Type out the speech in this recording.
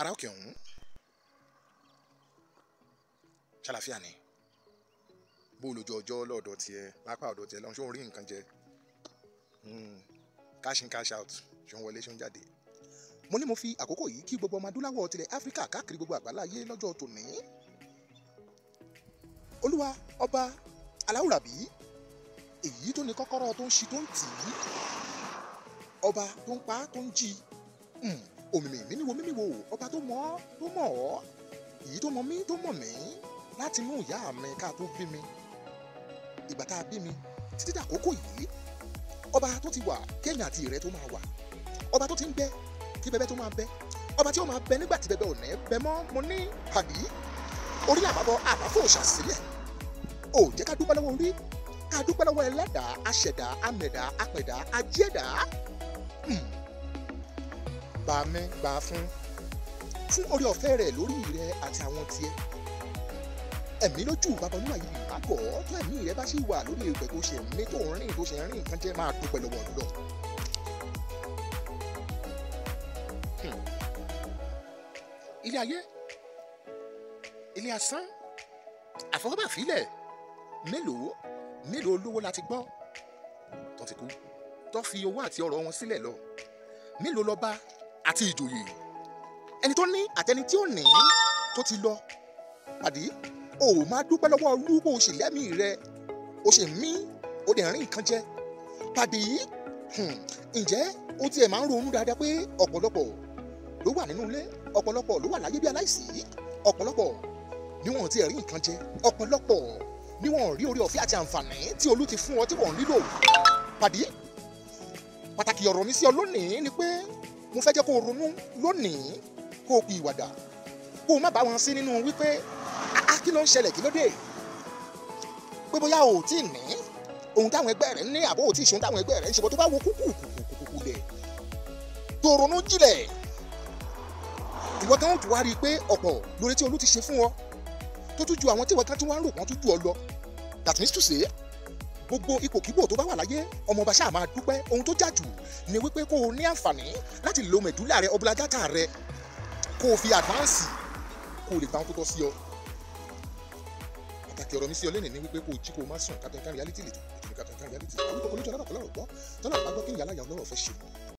ara òkè ọ̀hún ṣàlàfíà ni bó lójú ọjọ́ lọ́dọ̀ tiẹ̀ lápá ọ̀dọ̀ tiẹ̀ lọ́hún ṣó ń rí nǹkan jẹ hmm, cash in cash out ṣó ń wọlé ṣó ń jáde mo ní mo fi àkókò yìí kí gbogbo ọmọ adúláwọ̀ tilẹ̀ áfíríkà káàkiri gbogbo àgbáláyé lọ́jọ́ tòní olúwa ọba aláwùrábí èyí tó ní kọ́kọ́rọ́ tó ń ṣi tó ń tì í ọba tó ń pa tó ń jí hmm òmìmì mímíwo mímíwo ọba tó mọ̀ ọ́ tó mọ̀ ọ́ èyí tó mọ̀ mí tó mọ̀ mí láti inú ìyá mi ká tó bí mi ìgbà tá a bí mi títí dàkókò yìí ọba tó ti wà kéèyàn àti ìrẹ́ tó máa wà ọba tó ti ń bẹ kí bẹbẹ tó máa bẹ ọba tí ó máa bẹ nígbà tí bẹbẹ ò ní bẹ mọ́ mo ní àbí orí àbábọ̀ àbáfò ṣàṣìlẹ̀ ò jẹ́ ká dúpẹ́ lọ́wọ́ orí ká dúpẹ́ lọ́wọ́ ẹlẹ́dàá aṣẹ̀dá amẹ̀dá apẹ̀dá ajẹ́dàá. Hmm gbà mí gbà fún fún orí ọ̀fẹ́ rẹ̀ lórí rẹ àti àwọn tiẹ̀ ẹ̀mí lójú bàbá olúwa yìí àgọ́ tó ẹ̀mí rẹ bá sì wà lórí ìgbẹ́ tó ṣe mí tó rìn tó ṣe rìn kan jẹ́ máa dúpẹ́ lọ́wọ́ lọ́dọ̀. Hmm. ilé ayé ilé asán àfọwọ́bàfilẹ̀ mélòó mélòó olówó la gbọ́ tó ti kú tó fi owó àti ọrọ̀ wọn sílẹ̀ lọ mélòó lọ́ba àti ìjòyè ẹni tó ní àtẹni tí ó ní tó ti lọ pàdé o ò máa dúpẹ́ lọ́wọ́ olúwo o sì rẹ o sì mí o dẹ̀ rí nǹkan jẹ pàdé hmm, ǹjẹ́ o tiẹ̀ máa ń ronú dáadáa pé ọ̀pọ̀lọpọ̀ ló wà nínú ilé ọ̀pọ̀lọpọ̀ ló wà láyé bí aláìsí ọ̀pọ̀lọpọ̀ ni wọn tiẹ̀ rí nǹkan jẹ ọ̀pọ̀lọpọ̀ ni rí orí ọ̀fẹ́ àti àǹfààní tí olú ti fún ọ tí wọ́n ń lílò pàdé pàtàkì ọ̀rọ̀ mi sí ọ lónìí ni pé mo fẹ́ jẹ́ kó o ronú lónìí kó o ìwàdà kó o má bá wọn sí nínú wípé a kí ló ń ṣẹlẹ̀ kí ló dé pé bóyá o ò tí ì ní ohun táwọn ẹgbẹ́ rẹ̀ ń ní àbó ò tí ì ṣe ohun táwọn ẹgbẹ́ rẹ̀ ń ṣe bó tó bá wo kúkú kúkú lẹ̀ tó ronú jìnlẹ̀ ìwọ kan ó tún wá rí i pé ọ̀pọ̀ lórí tí olú ti ṣe fún ọ tó tún ju àwọn tí ìwọ kan tún wá ń rò wọ́n tún ju ọ lọ that means to say gbogbo ipòkípò tó bá wà láyé ọmọọba ṣáà máa dúpẹ́ ohun tó jà jù ni wípé kó o ní àǹfààní láti lo mẹ̀dúlà rẹ ọbúlá rẹ kó o fi àdváǹsì kó o lè gba ohun tó tọ́ sí ọ pàtàkì ọ̀rọ̀ mi sí ọ ni wípé kó o jí kó o má sùn Captain Reality lè tó ètò ní Captain Can àwọn ìkọ̀kọ̀ lójú alábàkọ́ lọ́rọ̀ gbọ́ tọ́lá àgbàgbọ́ kí ìyá aláya ọlọ́rọ̀ fẹ́ ṣe